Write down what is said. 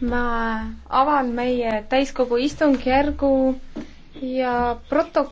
ma avan meie täiskogu istungjärgu ja protok-.